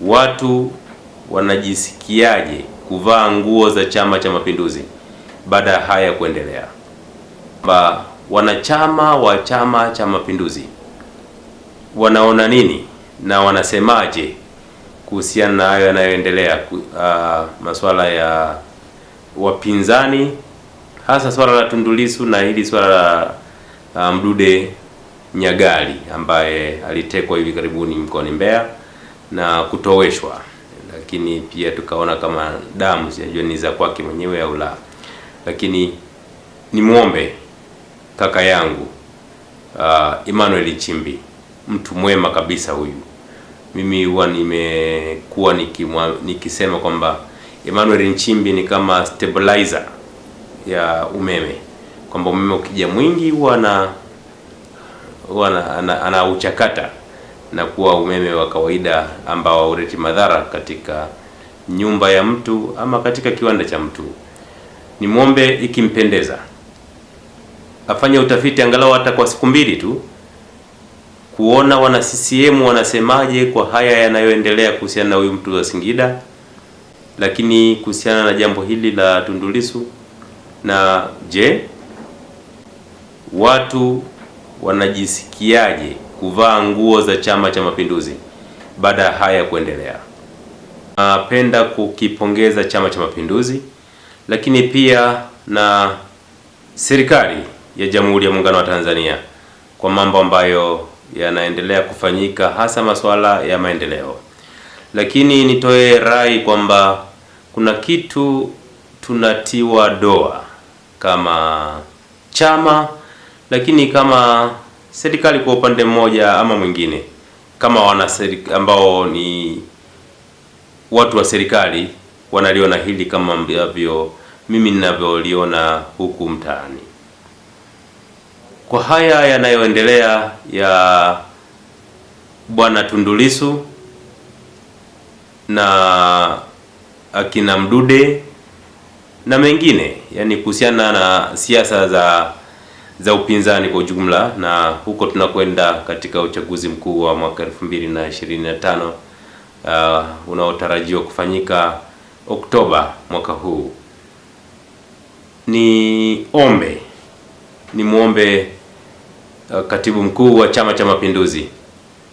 watu wanajisikiaje kuvaa nguo za Chama cha Mapinduzi baada ya haya kuendelea, Ba, wanachama wa Chama cha Mapinduzi wanaona nini na wanasemaje kuhusiana na hayo yanayoendelea, uh, ah, masuala ya wapinzani hasa swala la Tundu Lissu na hili swala la uh, Mdude Nyagali ambaye alitekwa hivi karibuni mkoani Mbeya na kutoweshwa, lakini pia tukaona kama damu sijajua ni za kwake mwenyewe au la, lakini nimwombe kaka yangu uh, Emmanuel Chimbi, mtu mwema kabisa huyu. Mimi huwa nimekuwa nikisema kwamba Emmanuel Nchimbi ni kama stabilizer ya umeme, kwamba umeme ukija mwingi huwa ana, ana, ana, ana uchakata na kuwa umeme wa kawaida ambao hauleti madhara katika nyumba ya mtu ama katika kiwanda cha mtu. ni mwombe ikimpendeza afanye utafiti angalau hata kwa siku mbili tu, kuona wana CCM wanasemaje kwa haya yanayoendelea kuhusiana na huyu mtu wa Singida, lakini kuhusiana na jambo hili la Tundu Lissu. Na je, watu wanajisikiaje? kuvaa nguo za Chama cha Mapinduzi. Baada ya haya kuendelea, napenda kukipongeza Chama cha Mapinduzi, lakini pia na serikali ya Jamhuri ya Muungano wa Tanzania kwa mambo ambayo yanaendelea kufanyika, hasa masuala ya maendeleo. Lakini nitoe rai kwamba kuna kitu tunatiwa doa kama chama, lakini kama serikali kwa upande mmoja ama mwingine, kama wana ambao ni watu wa serikali wanaliona hili kama ambavyo mimi ninavyoliona huku mtaani. Kwa haya yanayoendelea ya Bwana Tundu Lissu na akina Mdude na mengine, yani kuhusiana na siasa za za upinzani kwa ujumla, na huko tunakwenda katika uchaguzi mkuu wa mwaka 2025 uh, unaotarajiwa kufanyika Oktoba mwaka huu. Ni ombe ni muombe uh, katibu mkuu wa Chama cha Mapinduzi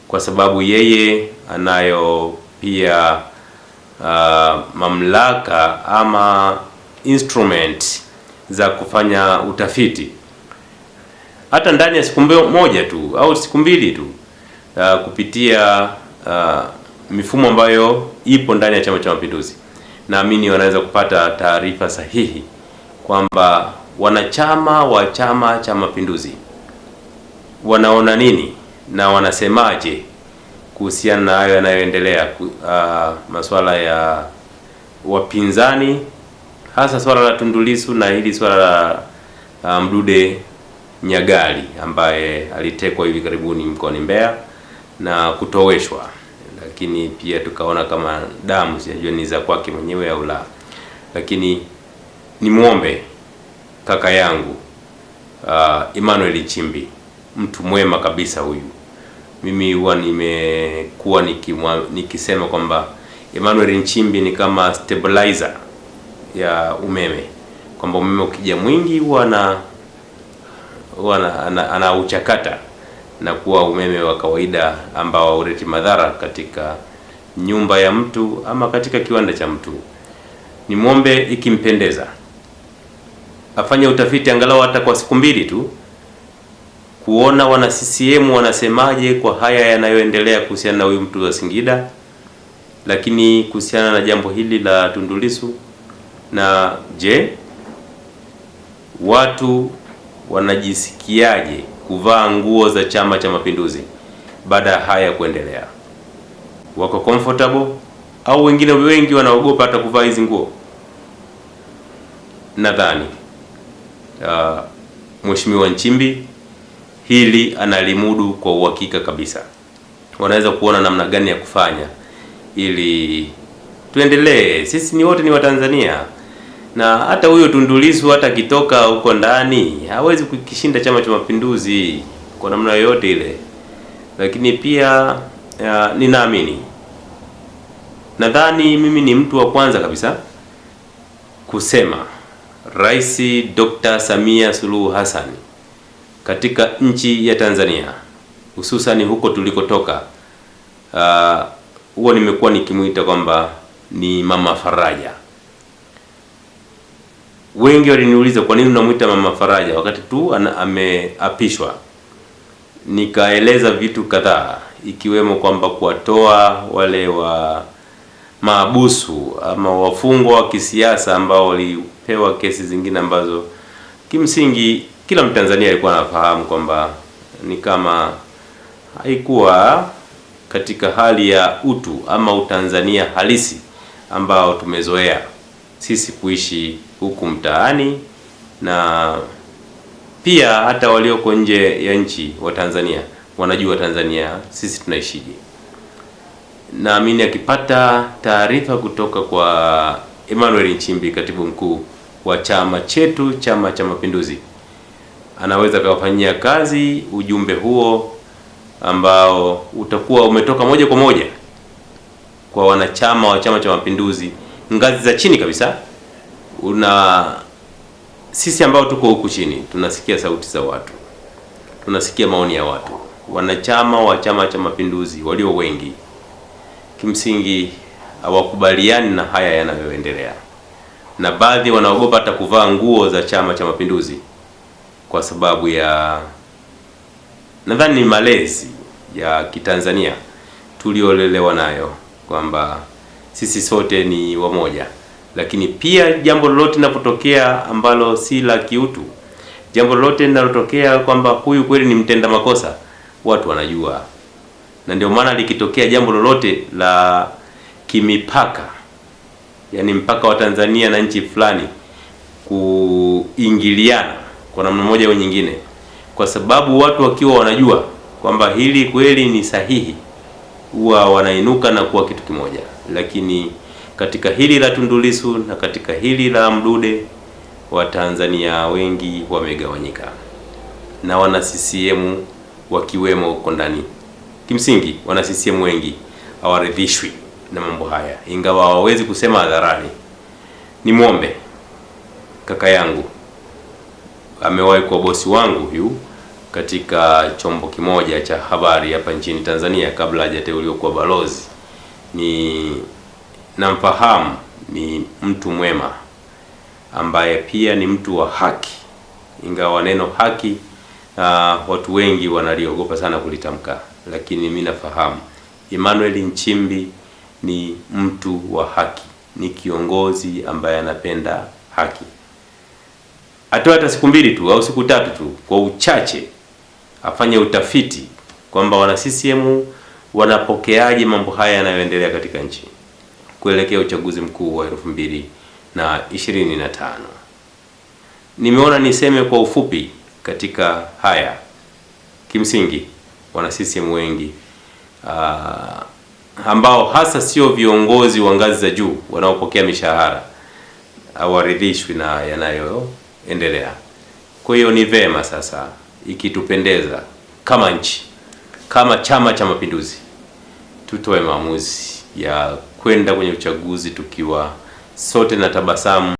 kwa sababu yeye anayo pia uh, mamlaka ama instrument za kufanya utafiti hata ndani ya siku moja tu au siku mbili tu uh, kupitia uh, mifumo ambayo ipo ndani ya Chama cha Mapinduzi, naamini wanaweza kupata taarifa sahihi kwamba wanachama wa Chama cha Mapinduzi wanaona nini na wanasemaje kuhusiana na hayo yanayoendelea, uh, masuala ya wapinzani, hasa swala la tundulisu na hili swala la uh, Mdude Nyagali ambaye alitekwa hivi karibuni mkoani Mbeya na kutoweshwa, lakini pia tukaona kama damu, sijajua ni za kwake mwenyewe au la, lakini nimwombe kaka yangu uh, Emmanuel Chimbi, mtu mwema kabisa huyu. Mimi huwa nimekuwa nikisema kwamba Emmanuel Nchimbi ni kama stabilizer ya umeme, kwamba umeme ukija mwingi huwa na huwa anauchakata na kuwa umeme wa kawaida ambao hauleti madhara katika nyumba ya mtu ama katika kiwanda cha mtu. ni mwombe ikimpendeza afanye utafiti angalau hata kwa siku mbili tu, kuona wana CCM wanasemaje kwa haya yanayoendelea kuhusiana na huyu mtu wa Singida, lakini kuhusiana na jambo hili la Tundu Lissu, na je watu wanajisikiaje kuvaa nguo za Chama cha Mapinduzi baada ya haya kuendelea? Wako comfortable au wengine wengi wanaogopa hata kuvaa hizi nguo? Nadhani uh, Mheshimiwa Nchimbi hili analimudu kwa uhakika kabisa. Wanaweza kuona namna gani ya kufanya ili tuendelee, sisi ni wote ni Watanzania na hata huyo Tundulisu hata kitoka huko ndani hawezi kukishinda Chama cha Mapinduzi kwa namna yoyote ile, lakini pia uh, ninaamini nadhani mimi ni mtu wa kwanza kabisa kusema Rais Dr. Samia Suluhu Hassan katika nchi ya Tanzania hususani huko tulikotoka, ah, huo uh, nimekuwa nikimwita kwamba ni mama faraja wengi waliniuliza kwa nini unamwita Mama Faraja wakati tu ameapishwa. Nikaeleza vitu kadhaa ikiwemo kwamba kuwatoa wale wa maabusu ama wafungwa wa kisiasa ambao walipewa kesi zingine ambazo kimsingi kila Mtanzania alikuwa anafahamu kwamba ni kama haikuwa katika hali ya utu ama Utanzania halisi ambao tumezoea sisi kuishi huku mtaani na pia hata walioko nje ya nchi wa Tanzania wanajua Tanzania sisi tunaishije. Naamini akipata taarifa kutoka kwa Emmanuel Nchimbi, katibu mkuu wa chama chetu, Chama cha Mapinduzi, anaweza kawafanyia kazi ujumbe huo ambao utakuwa umetoka moja kwa moja kwa wanachama wa Chama cha Mapinduzi ngazi za chini kabisa una sisi ambao tuko huku chini tunasikia sauti za watu, tunasikia maoni ya watu. Wanachama wa Chama cha Mapinduzi walio wengi kimsingi hawakubaliani na haya yanayoendelea, na baadhi wanaogopa hata kuvaa nguo za Chama cha Mapinduzi kwa sababu ya nadhani ni malezi ya Kitanzania tuliolelewa nayo kwamba sisi sote ni wamoja. Lakini pia jambo lolote linapotokea ambalo si la kiutu, jambo lolote linalotokea kwamba huyu kweli ni mtenda makosa, watu wanajua, na ndio maana likitokea jambo lolote la kimipaka, yani mpaka wa Tanzania na nchi fulani kuingiliana kwa namna moja au nyingine, kwa sababu watu wakiwa wanajua kwamba hili kweli ni sahihi, huwa wanainuka na kuwa kitu kimoja lakini katika hili la tundulisu na katika hili la Mdude Watanzania wengi wamegawanyika na wana CCM wakiwemo huko ndani. Kimsingi wana CCM wengi hawaridhishwi na mambo haya, ingawa hawawezi kusema hadharani. Ni mwombe kaka yangu amewahi kuwa bosi wangu yu katika chombo kimoja cha habari hapa nchini Tanzania kabla hajateuliwa kuwa balozi ni namfahamu, ni mtu mwema ambaye pia ni mtu wa haki, ingawa neno haki uh, watu wengi wanaliogopa sana kulitamka, lakini mi nafahamu Emmanuel Nchimbi ni mtu wa haki, ni kiongozi ambaye anapenda haki. Atoe hata siku mbili tu au siku tatu tu kwa uchache afanye utafiti kwamba wana CCM wanapokeaje mambo haya yanayoendelea katika nchi kuelekea uchaguzi mkuu wa elfu mbili na ishirini na tano. Nimeona niseme kwa ufupi katika haya. Kimsingi wana CCM wengi uh, ambao hasa sio viongozi wa ngazi za juu wanaopokea mishahara hawaridhishwi na yanayoendelea. Kwa hiyo ni vema sasa, ikitupendeza kama nchi, kama Chama cha Mapinduzi, tutoe maamuzi ya kwenda kwenye uchaguzi tukiwa sote na tabasamu.